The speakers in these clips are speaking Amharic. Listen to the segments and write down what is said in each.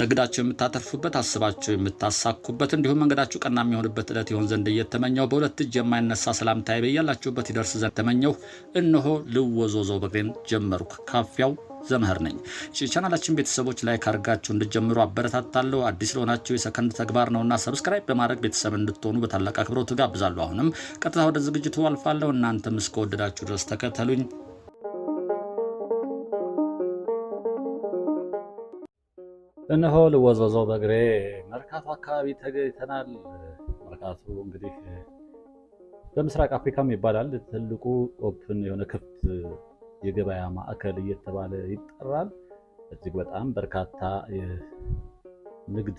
ንግዳችሁ የምታተርፉበት አስባችሁ የምታሳኩበት እንዲሁም መንገዳችሁ ቀና የሚሆንበት ዕለት ይሆን ዘንድ እየተመኘው በሁለት እጅ የማይነሳ ሰላምታ በያላችሁበት ይደርስ ዘንድ ተመኘሁ። እነሆ ልወዞዞ በግሬን ጀመርኩ። ካፊያው ዘመህር ነኝ። ቻናላችን ቤተሰቦች ላይክ አድርጋችሁ እንድጀምሩ አበረታታለሁ። አዲስ ለሆናችሁ የሰከንድ ተግባር ነውና ሰብስክራይብ በማድረግ ቤተሰብ እንድትሆኑ በታላቅ አክብሮት ጋብዛለሁ። አሁንም ቀጥታ ወደ ዝግጅቱ አልፋለሁ። እናንተም እስከወደዳችሁ ድረስ ተከተሉኝ። እነሆ ልወዘወዘው በእግሬ መርካቶ አካባቢ ተገኝተናል። መርካቶ እንግዲህ በምስራቅ አፍሪካም ይባላል ትልቁ ኦፕን የሆነ ክፍት የገበያ ማዕከል እየተባለ ይጠራል። እጅግ በጣም በርካታ ንግድ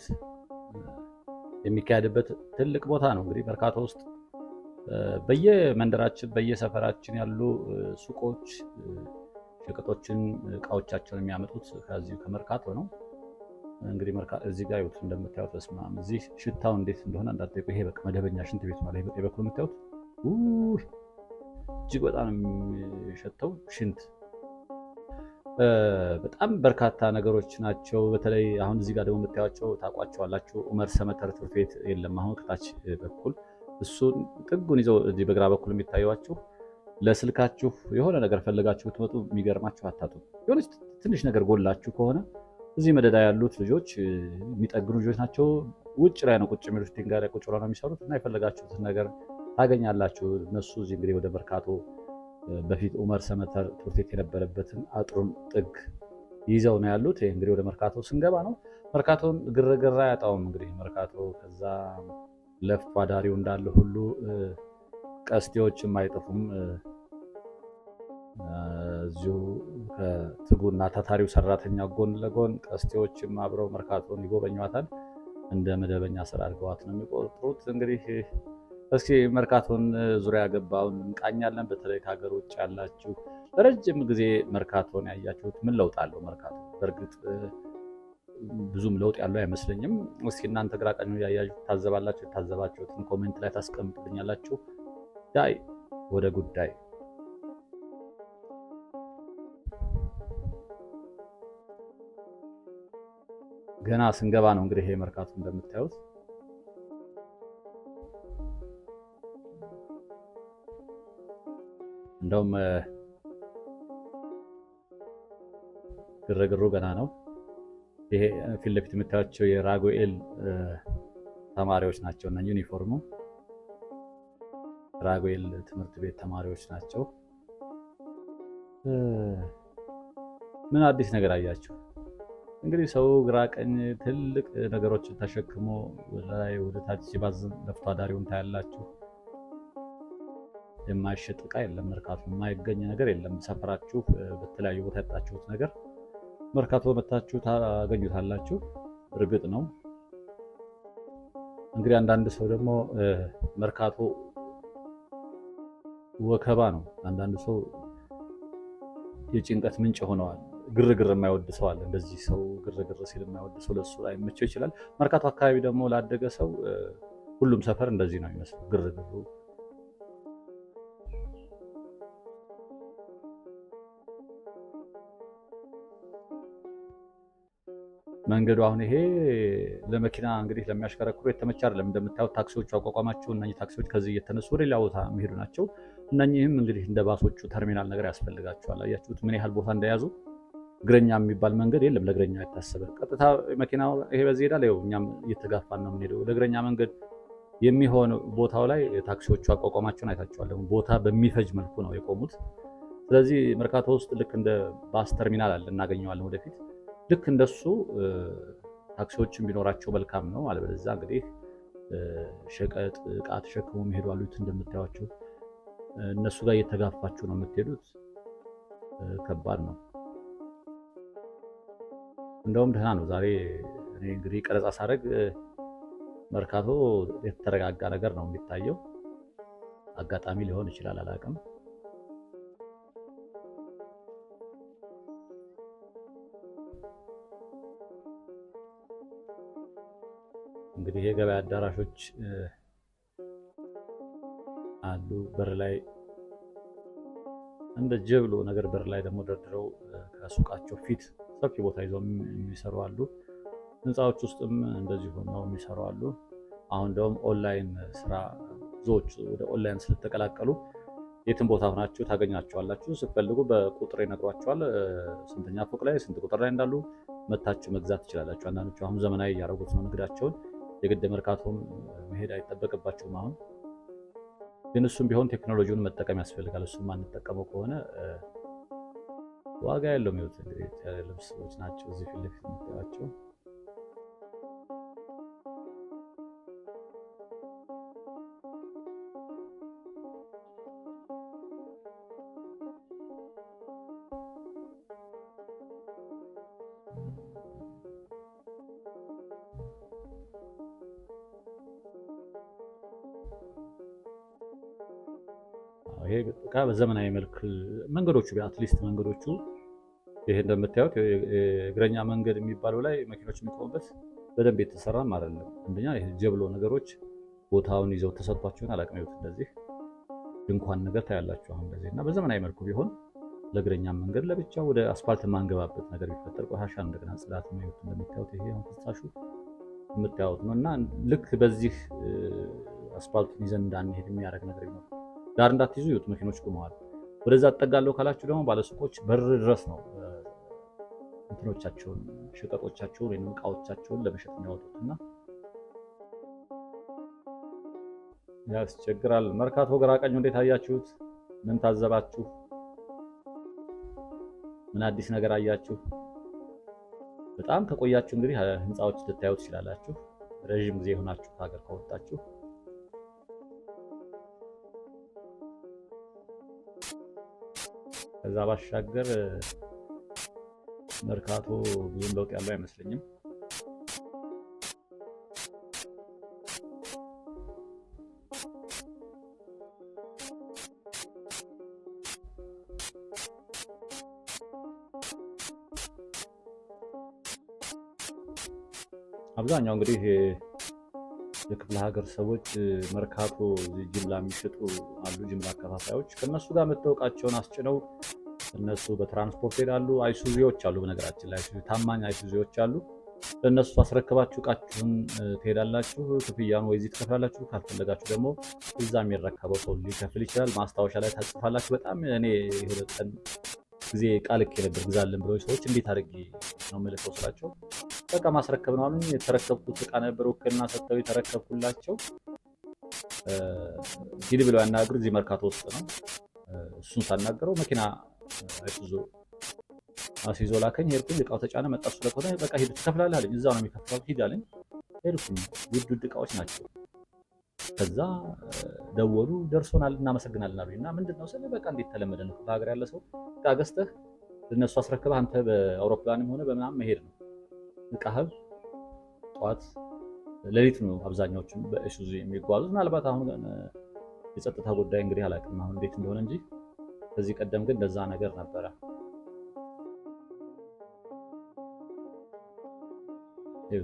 የሚካሄድበት ትልቅ ቦታ ነው። እንግዲህ መርካቶ ውስጥ በየመንደራችን በየሰፈራችን ያሉ ሱቆች ሸቀጦችን፣ እቃዎቻቸውን የሚያመጡት ከዚሁ ከመርካቶ ነው። እንግዲህ መርካ እዚህ ጋር ይወት እንደምታዩት በስመ አብ እዚህ ሽታው እንዴት እንደሆነ እንዳትጠይቁ። ይሄ በቃ መደበኛ ሽንት ቤት ማለት ይሄ በኩል የምታዩት እጅግ በጣም የሚሸተው ሽንት በጣም በርካታ ነገሮች ናቸው። በተለይ አሁን እዚህ ጋር ደግሞ የምታዩቸው አላችሁ ዑመር ሰመተር ትምህርት ቤት የለም አሁን ከታች በኩል እሱን ጥጉን ይዘው እዚህ በግራ በኩል የሚታዩዋችሁ ለስልካችሁ የሆነ ነገር ፈልጋችሁ ብትመጡ የሚገርማችሁ አታጡ የሆነች ትንሽ ነገር ጎላችሁ ከሆነ እዚህ መደዳ ያሉት ልጆች የሚጠግኑ ልጆች ናቸው። ውጭ ላይ ነው ቁጭ የሚሉት፣ ድንጋይ ላይ ቁጭ ብለው ነው የሚሰሩት እና የፈለጋችሁትን ነገር ታገኛላችሁ። እነሱ እዚህ እንግዲህ ወደ መርካቶ በፊት ኡመር ሰመተር ቱርቴት የነበረበትን አጥሩን ጥግ ይዘው ነው ያሉት። ይህ እንግዲህ ወደ መርካቶ ስንገባ ነው። መርካቶን ግርግር አያጣውም። እንግዲህ መርካቶ ከዛ ለፍቶ አዳሪው እንዳለ ሁሉ ቀስቴዎችም አይጠፉም። እዚሁ ከትጉና ታታሪው ሰራተኛ ጎን ለጎን ቀስቴዎችም አብረው መርካቶን ይጎበኟታል። እንደ መደበኛ ስራ አድርገዋት ነው የሚቆጥሩት። እንግዲህ እስኪ መርካቶን ዙሪያ ገባውን እንቃኛለን። በተለይ ከሀገር ውጭ ያላችሁ በረጅም ጊዜ መርካቶን ያያችሁት ምን ለውጥ አለው? መርካቶ በእርግጥ ብዙም ለውጥ ያለው አይመስለኝም። እስኪ እናንተ ግራ ቀኙ ያያችሁ ታዘባላችሁ። የታዘባችሁትን ኮሜንት ላይ ታስቀምጡልኛላችሁ። ዳይ ወደ ጉዳይ ገና ስንገባ ነው እንግዲህ ይሄ መርካቶ እንደምታዩት እንደውም ግርግሩ ገና ነው። ይሄ ፊት ለፊት የምታያቸው የራጉኤል ተማሪዎች ናቸው እና ዩኒፎርሙ ራጉኤል ትምህርት ቤት ተማሪዎች ናቸው። ምን አዲስ ነገር አያችሁ? እንግዲህ ሰው ግራ ቀኝ ትልቅ ነገሮችን ተሸክሞ ላይ ወደ ታች ሲባዝን ለፍቶ አዳሪውን ታያላችሁ። የማይሸጥ እቃ የለም፣ መርካቶ የማይገኝ ነገር የለም። ሰፈራችሁ በተለያዩ ቦታ ያጣችሁት ነገር መርካቶ መታችሁ ታገኙታላችሁ። እርግጥ ነው እንግዲህ አንዳንድ ሰው ደግሞ መርካቶ ወከባ ነው። አንዳንድ ሰው የጭንቀት ምንጭ ሆነዋል። ግርግር የማይወድ ሰው አለ። እንደዚህ ሰው ግርግር ሲል የማይወድ ሰው ለሱ ላይመቸው ይችላል። መርካቶ አካባቢ ደግሞ ላደገ ሰው ሁሉም ሰፈር እንደዚህ ነው የሚመስለው ግርግሩ መንገዱ አሁን ይሄ ለመኪና እንግዲህ ለሚያሽከረክሩ የተመቻ አይደለም። እንደምታዩት ታክሲዎቹ አቋቋማቸው እና ታክሲዎች ከዚህ እየተነሱ ወደ ሌላ ቦታ የሚሄዱ ናቸው። እነኚህም እንግዲህ እንደ ባሶቹ ተርሚናል ነገር ያስፈልጋቸዋል። አያችሁት ምን ያህል ቦታ እንደያዙ። እግረኛ የሚባል መንገድ የለም፣ ለእግረኛ የታሰበ ቀጥታ መኪናው ይሄ በዚህ ሄዳል። ይኸው እኛም እየተጋፋን ነው የምንሄደው። ለእግረኛ መንገድ የሚሆን ቦታው ላይ ታክሲዎቹ አቋቋማቸውን አይታቸዋለሁ። ቦታ በሚፈጅ መልኩ ነው የቆሙት። ስለዚህ መርካቶ ውስጥ ልክ እንደ ባስ ተርሚናል አለ፣ እናገኘዋለን ወደፊት። ልክ እንደሱ ታክሲዎችን ቢኖራቸው መልካም ነው። አለበለዚያ እንግዲህ ሸቀጥ እቃ ተሸክሞ የሚሄዱ አሉት እንደምታዩዋቸው እነሱ ጋር እየተጋፋችሁ ነው የምትሄዱት። ከባድ ነው። እንደውም ደህና ነው። ዛሬ እኔ እንግዲህ ቀረጻ ሳደርግ መርካቶ የተረጋጋ ነገር ነው የሚታየው። አጋጣሚ ሊሆን ይችላል፣ አላውቅም። እንግዲህ የገበያ አዳራሾች አሉ። በር ላይ እንደ ጀብሎ ነገር በር ላይ ደግሞ ደርድረው ከሱቃቸው ፊት ሰፊ ቦታ ይዘው የሚሰሩ አሉ። ህንፃዎች ውስጥም እንደዚሁ ነው የሚሰሩ አሉ። አሁን ደግሞ ኦንላይን ስራ ብዙዎች ወደ ኦንላይን ስለተቀላቀሉ የትም ቦታ ሆናችሁ ታገኛችኋላችሁ። ስትፈልጉ በቁጥር ይነግሯቸዋል። ስንተኛ ፎቅ ላይ ስንት ቁጥር ላይ እንዳሉ መታችሁ መግዛት ትችላላችሁ። አንዳንዶቹ አሁን ዘመናዊ እያደረጉት ነው ንግዳቸውን። የግድ መርካቶም መሄድ አይጠበቅባቸውም አሁን ግን እሱም ቢሆን ቴክኖሎጂውን መጠቀም ያስፈልጋል። እሱም ማንጠቀመው ከሆነ ዋጋ ያለው ሚወት እንግዲህ ሰዎች ናቸው እዚህ ፊት ለፊት የምታያቸው። በዘመናዊ መልክ መንገዶቹ አትሊስት መንገዶቹ ይሄ እንደምታዩት እግረኛ መንገድ የሚባለው ላይ መኪኖች የሚቆሙበት በደንብ የተሰራም አይደለም። አንደኛ ይሄ ጀብሎ ነገሮች ቦታውን ይዘው ተሰጥቷቸውን አላቅሚዎች እንደዚህ ድንኳን ነገር ታያላችሁ አሁን እንደዚህ እና በዘመናዊ መልኩ ቢሆን ለእግረኛ መንገድ ለብቻ ወደ አስፋልት ማንገባበት ነገር ቢፈጠር ቆሻሻ እንደገና ጽዳት ማየት እንደምታዩት ይሄ አሁን ፍሳሹ የምታዩት ነው እና ልክ በዚህ አስፋልቱን ይዘን እንዳንሄድ የሚያደርግ ነገር ቢኖር ዳር እንዳትይዙ ይወጡ መኪኖች ቆመዋል። ወደዛ አጠጋለሁ ካላችሁ ደግሞ ባለሱቆች በር ድረስ ነው እንትኖቻቸውን ሸቀጦቻቸውን ወይም እቃዎቻቸውን ለመሸጥ የሚያወጡት እና ያስቸግራል። መርካቶ ግራ ቀኙ እንዴት አያችሁት? ምን ታዘባችሁ? ምን አዲስ ነገር አያችሁ? በጣም ከቆያችሁ እንግዲህ ህንፃዎች ልታዩ ትችላላችሁ። ረዥም ጊዜ የሆናችሁ ሀገር ከወጣችሁ ከዛ ባሻገር መርካቶ ብዙም ለውጥ ያለው አይመስለኝም። አብዛኛው እንግዲህ የክፍለ ሀገር ሰዎች መርካቶ ጅምላ የሚሸጡ አሉ፣ ጅምላ አከፋፋዮች ከእነሱ ጋር መታወቃቸውን አስጭነው እነሱ በትራንስፖርት ይሄዳሉ። አይሱዚዎች አሉ፣ በነገራችን ላይ ታማኝ አይሱዚዎች አሉ። ለእነሱ አስረክባችሁ እቃችሁን ትሄዳላችሁ። ክፍያን ወይ እዚህ ትከፍላላችሁ፣ ካልፈለጋችሁ ደግሞ እዛ የሚረከበው ሰው ሊከፍል ይችላል። ማስታወሻ ላይ ታጽፋላችሁ። በጣም እኔ የሁለት ቀን ጊዜ ቃል ነበር ግዛለን ብለው ሰዎች እንዴት አድርጌ ነው መልሰው ስላቸው በቃ ማስረከብ ነው አሉኝ። የተረከብኩት እቃ ነበር ውክልና ሰጥተው የተረከብኩላቸው። ሂድ ብለው ያናገሩ እዚህ መርካቶ ውስጥ ነው። እሱን ሳናገረው መኪና አይሱዙ አስይዞ ላከኝ። ሄድኩኝ። እቃው ተጫነ መጣ። እሱ ለኮነ በቃ ሂድ ትከፍላለህ አለኝ። እዛ ነው የሚከፍለው ሂድ አለኝ። ሄድኩኝ። ውድ ውድ እቃዎች ናቸው። ከዛ ደወሉ፣ ደርሶናል፣ እናመሰግናለን እና ምንድን ነው ስለ በቃ እንዴት ተለመደ ነው በሀገር ያለ ሰው ዕቃ ገዝተህ እነሱ አስረክበህ አንተ በአውሮፕላንም ሆነ በምናምን መሄድ ነው። ዕቃህብ ጠዋት ሌሊት ነው አብዛኛዎቹም በኢሱዙ የሚጓዙት። ምናልባት አሁን የጸጥታ ጉዳይ እንግዲህ አላውቅም አሁን እንዴት እንደሆነ እንጂ ከዚህ ቀደም ግን እንደዛ ነገር ነበረ።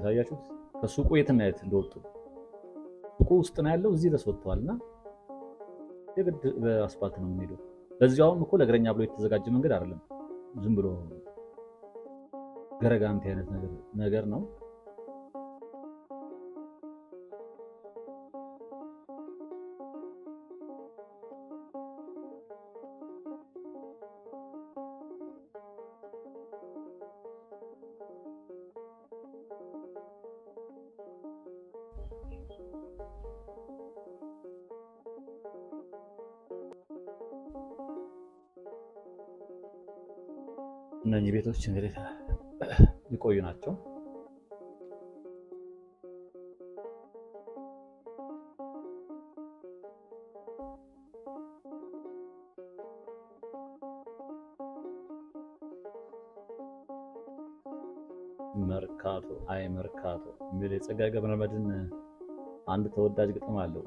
ታያችሁት ከሱቁ የትና የት እንደወጡ ሱቁ ውስጥ ነው ያለው። እዚህ ድረስ ወጥተዋል እና የግድ በአስፋልት ነው የምንሄደው። ለዚሁ አሁን እኮ ለእግረኛ ብሎ የተዘጋጀ መንገድ አይደለም። ዝም ብሎ ገረጋንቲ አይነት ነገር ነው። እነኚህ ቤቶች እንግዲህ የቆዩ ናቸው። መርካቶ አይ መርካቶ የሚል የጸጋዬ ገብረመድኅን አንድ ተወዳጅ ግጥም አለው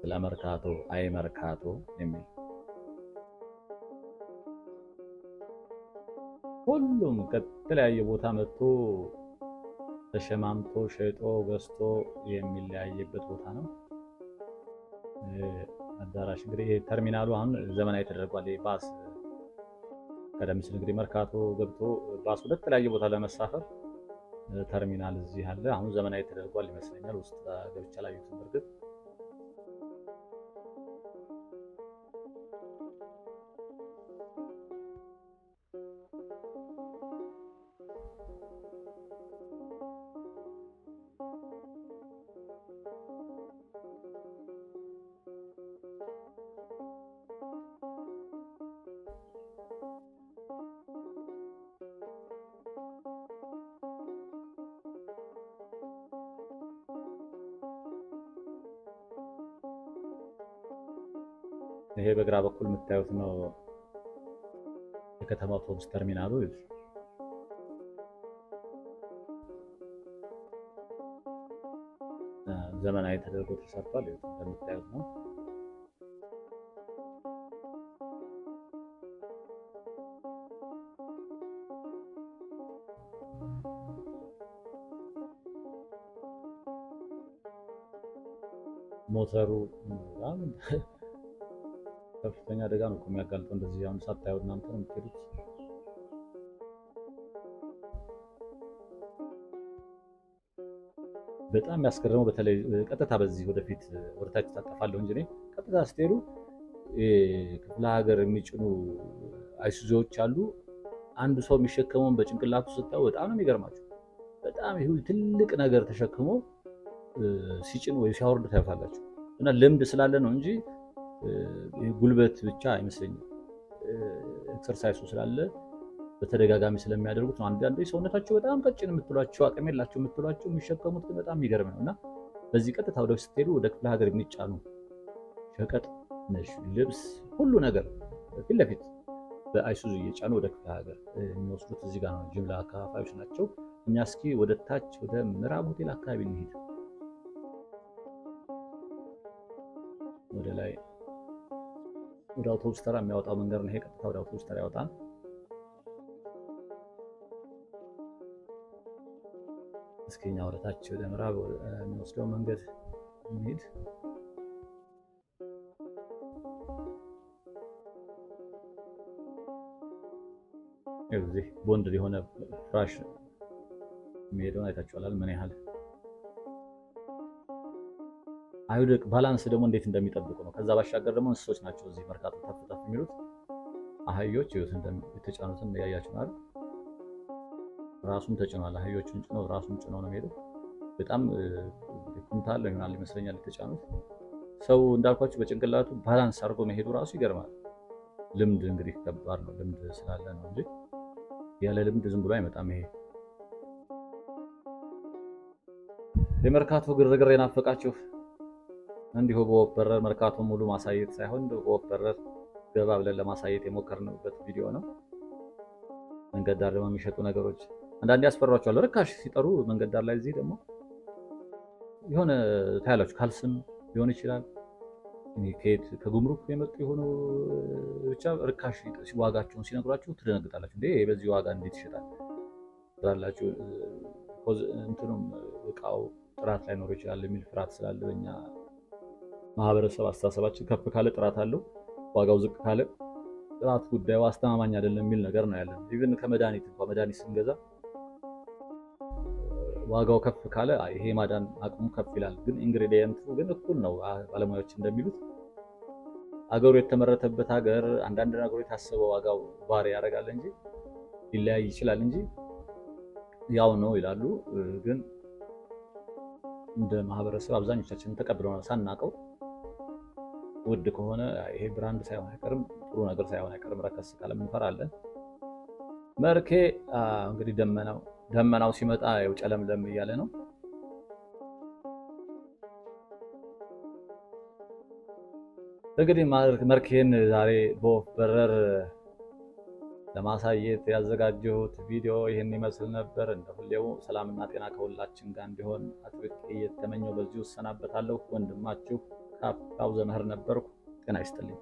ስለ መርካቶ አይ መርካቶ የሚል ሁሉም ከተለያየ ቦታ መጥቶ ተሸማምቶ ሸጦ ገዝቶ የሚለያየበት ቦታ ነው። አዳራሽ እንግዲህ ተርሚናሉ አሁን ዘመናዊ ተደርጓል። ባስ ቀደም ሲል እንግዲህ መርካቶ ገብቶ ባስ ወደ ተለያየ ቦታ ለመሳፈር ተርሚናል እዚህ አለ። አሁን ዘመናዊ ተደርጓል ይመስለኛል። ውስጥ ገብቻ ላይ በርግጥ ይሄ በግራ በኩል የምታዩት ነው የከተማ አውቶቡስ ተርሚናሉ። ዘመናዊ ተደርጎ ተሰርቷል። እንደምታዩት ነው። ሞተሩ ከፍተኛ አደጋ ነው የሚያጋልጠው። እንደዚህ አሁን ሳታየው እናንተ ነው የምትሄዱት። በጣም ያስገርመው በተለይ ቀጥታ በዚህ ወደፊት ወደታች ታጠፋለሁ እንጂ ቀጥታ ስትሄዱ ክፍለ ሀገር የሚጭኑ አይሱዞዎች አሉ። አንዱ ሰው የሚሸከመውን በጭንቅላቱ ስታዩ በጣም ነው የሚገርማቸው። በጣም ይሁን ትልቅ ነገር ተሸክሞ ሲጭን ወይ ሲያወርድ ታዩታላችሁ። እና ልምድ ስላለ ነው እንጂ ጉልበት ብቻ አይመስለኝም። ኤክሰርሳይሱ ስላለ በተደጋጋሚ ስለሚያደርጉት ነው። አንዳንዴ ሰውነታቸው በጣም ቀጭን የምትሏቸው አቅም የላቸው የምትሏቸው የሚሸከሙት ግን በጣም የሚገርም ነው እና በዚህ ቀጥታ ወደ ስትሄዱ ወደ ክፍለ ሀገር የሚጫኑ ሸቀጥ፣ ልብስ፣ ሁሉ ነገር ፊት ለፊት በአይሱዙ እየጫኑ ወደ ክፍለ ሀገር የሚወስዱት እዚህ ጋር ነው። ጅምላ አካፋዮች ናቸው። እኛ እስኪ ወደ ታች ወደ ምዕራብ ሆቴል አካባቢ እንሄድ ወደ ላይ ወደ አውቶቡስ ተራ የሚያወጣው መንገድ ነው። ይሄ ቀጥታ ወደ አውቶቡስ ተራ ያወጣል። እስኪኛ ወደታች ወደ ምዕራብ የሚወስደው መንገድ እንሂድ። እዚህ ቦንድ የሆነ ፍራሽ የሚሄደውን አይታችኋላል ምን ያህል አይወድቅ ባላንስ ደግሞ እንዴት እንደሚጠብቁ ነው። ከዛ ባሻገር ደግሞ እንስሶች ናቸው እዚህ መርካቶ ተፍ ተፍ የሚሉት አህዮች የተጫኑትን ያያችሁ አይደል? ራሱን ተጭኗል። አህዮቹን ጭኖ ራሱን ጭኖ ነው የሚሄደው። በጣም ኩንታል ይሆናል ይመስለኛል የተጫኑት። ሰው እንዳልኳቸው በጭንቅላቱ ባላንስ አድርጎ መሄዱ ራሱ ይገርማል። ልምድ እንግዲህ ከባድ ነው። ልምድ ስላለ ነው እንጂ ያለ ልምድ ዝም ብሎ አይመጣም ይሄ የመርካቶ ግርግር የናፈቃችሁ እንዲሁ በወፍ በረር መርካቶን ሙሉ ማሳየት ሳይሆን በወፍ በረር ገባ ብለን ለማሳየት የሞከርንበት ቪዲዮ ነው። መንገድ ዳር ደግሞ የሚሸጡ ነገሮች አንዳንዴ ያስፈሯቸዋል። ርካሽ ሲጠሩ መንገድ ዳር ላይ እዚህ ደግሞ የሆነ ታያላችሁ፣ ካልስም ሊሆን ይችላል ከየት ከጉምሩክ የመጡ የሆኑ ብቻ ርካሽ ዋጋቸውን ሲነግሯችሁ ትደነግጣላችሁ። እንዴ በዚህ ዋጋ እንዴት ይሸጣል ላላችሁ እንትኑም እቃው ጥራት ላይኖረው ይችላል የሚል ፍርሃት ስላለ በኛ ማህበረሰብ አስተሳሰባችን ከፍ ካለ ጥራት አለው፣ ዋጋው ዝቅ ካለ ጥራት ጉዳዩ አስተማማኝ አይደለም የሚል ነገር ነው ያለን። ኢቨን ከመድኃኒት እንኳ መድኃኒት ስንገዛ ዋጋው ከፍ ካለ ይሄ ማዳን አቅሙ ከፍ ይላል፣ ግን ኢንግሪዲየንቱ ግን እኩል ነው። ባለሙያዎች እንደሚሉት አገሩ የተመረተበት ሀገር አንዳንድ ነገሩ የታሰበው ዋጋው ባሪ ያደርጋል እንጂ ሊለያይ ይችላል እንጂ ያው ነው ይላሉ። ግን እንደ ማህበረሰብ አብዛኞቻችን ተቀብለናል ሳናውቀው ውድ ከሆነ ይሄ ብራንድ ሳይሆን አይቀርም፣ ጥሩ ነገር ሳይሆን አይቀርም። ረከስ ካለ እንፈራለን። መርኬ እንግዲህ ደመናው ደመናው ሲመጣ ያው ጨለምለም እያለ ነው። እንግዲህ መርኬን ዛሬ በወፍ በረር ለማሳየት ያዘጋጀሁት ቪዲዮ ይህን ይመስል ነበር። እንደ ሁሌው ሰላምና ጤና ከሁላችን ጋር እንዲሆን አጥብቄ እየተመኘው በዚሁ እሰናበታለሁ። ወንድማችሁ ሀብታው ዘመህር ነበርኩ። ጤና ይስጥልኝ።